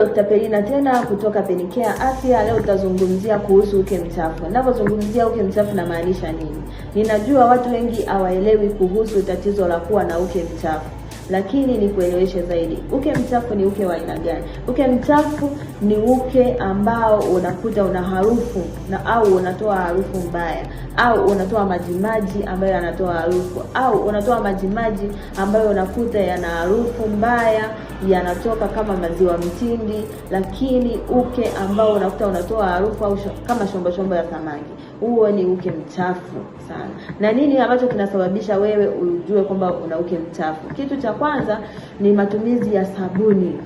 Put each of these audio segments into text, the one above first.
Dr. Pelina tena kutoka Penicare Afya. Leo tutazungumzia kuhusu uke mchafu. Ninapozungumzia uke mchafu namaanisha nini? Ninajua watu wengi hawaelewi kuhusu tatizo la kuwa na uke mchafu lakini ni kueleweshe zaidi, uke mchafu ni uke wa aina gani? Uke mchafu ni uke ambao unakuta una harufu na au unatoa harufu mbaya, au unatoa majimaji ambayo yanatoa harufu, au unatoa majimaji ambayo unakuta yana harufu mbaya, yanatoka kama maziwa mtindi. Lakini uke ambao unakuta unatoa harufu au kama shombo ya samaki, huo ni uke mchafu sana. Na nini ambacho kinasababisha wewe ujue kwamba una uke mchafu? Kitu cha kwanza ni matumizi ya sabuni.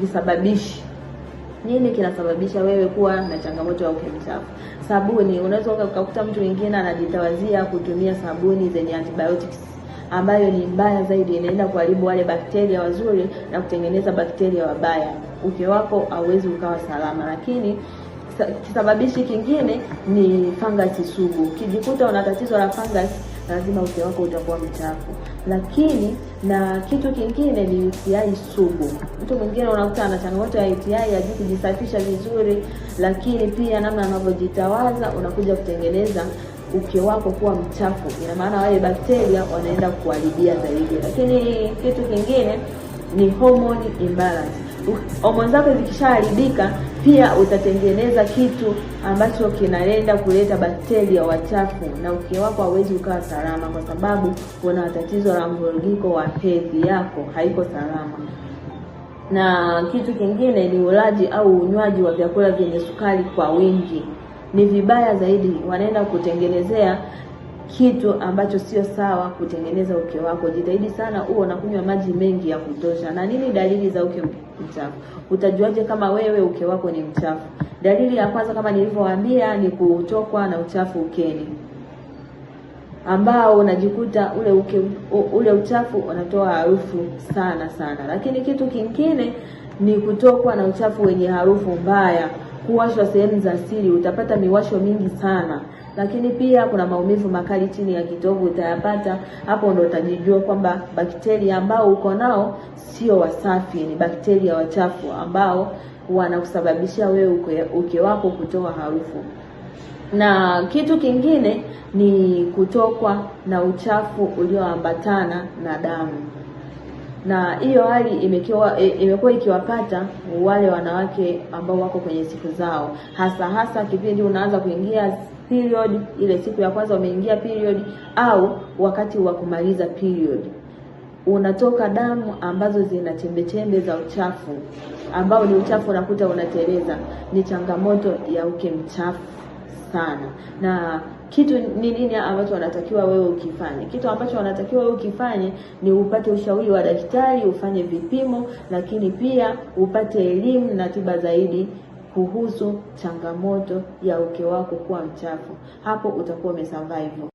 Visababishi, nini kinasababisha wewe kuwa na changamoto ya uke Sabuni, unaweza ukakuta mtu mwingine anajitawazia kutumia sabuni zenye antibiotics ambayo ni mbaya zaidi, inaenda kuharibu wale bakteria wazuri na kutengeneza bakteria wabaya. Uke wako hauwezi ukawa salama. Lakini kisababishi kingine ni fangasi sugu. Kijikuta una tatizo la fangasi lazima uke wako utakuwa mchafu. Lakini na kitu kingine ni UTI sugu. Mtu mwingine unakuta ana changamoto ya UTI, hajui kujisafisha vizuri, lakini pia namna anavyojitawaza unakuja kutengeneza uke wako kuwa mchafu. Ina maana wale bakteria wanaenda kuharibia zaidi. Lakini kitu kingine ni hormone imbalance homo zako zikishaharibika, pia utatengeneza kitu ambacho kinaenda kuleta bakteria wachafu, na uke wako hawezi ukawa salama, kwa sababu kuna tatizo la mvurugiko wa hedhi yako, haiko salama. Na kitu kingine ni ulaji au unywaji wa vyakula vyenye sukari kwa wingi, ni vibaya zaidi, wanaenda kutengenezea kitu ambacho sio sawa kutengeneza uke wako. Jitahidi sana huo unakunywa maji mengi ya kutosha. Na nini dalili za uke mchafu Utajuaje kama wewe uke wako ni mchafu? Dalili ya kwanza kama nilivyowaambia ni kutokwa na uchafu ukeni, ambao unajikuta ule uke, ule uchafu unatoa harufu sana sana. Lakini kitu kingine ni kutokwa na uchafu wenye harufu mbaya kuwashwa sehemu za siri, utapata miwasho mingi sana, lakini pia kuna maumivu makali chini ya kitovu utayapata. Hapo ndo utajijua kwamba bakteria ambao uko nao sio wasafi, ni bakteria wachafu ambao wanakusababishia wewe uke wako kutoa harufu. Na kitu kingine ni kutokwa na uchafu ulioambatana na damu na hiyo hali imekiwa imekuwa ikiwapata wale wanawake ambao wako kwenye siku zao, hasa hasa kipindi unaanza kuingia period, ile siku ya kwanza umeingia period au wakati wa kumaliza period, unatoka damu ambazo zina chembe za uchafu ambao ni uchafu unakuta unateleza. Ni changamoto ya uke mchafu sana. Na kitu ni nini ambacho wanatakiwa wewe ukifanye? Kitu ambacho wanatakiwa wewe ukifanye ni upate ushauri wa daktari, ufanye vipimo, lakini pia upate elimu na tiba zaidi kuhusu changamoto ya uke wako kuwa mchafu. Hapo utakuwa umesurvive.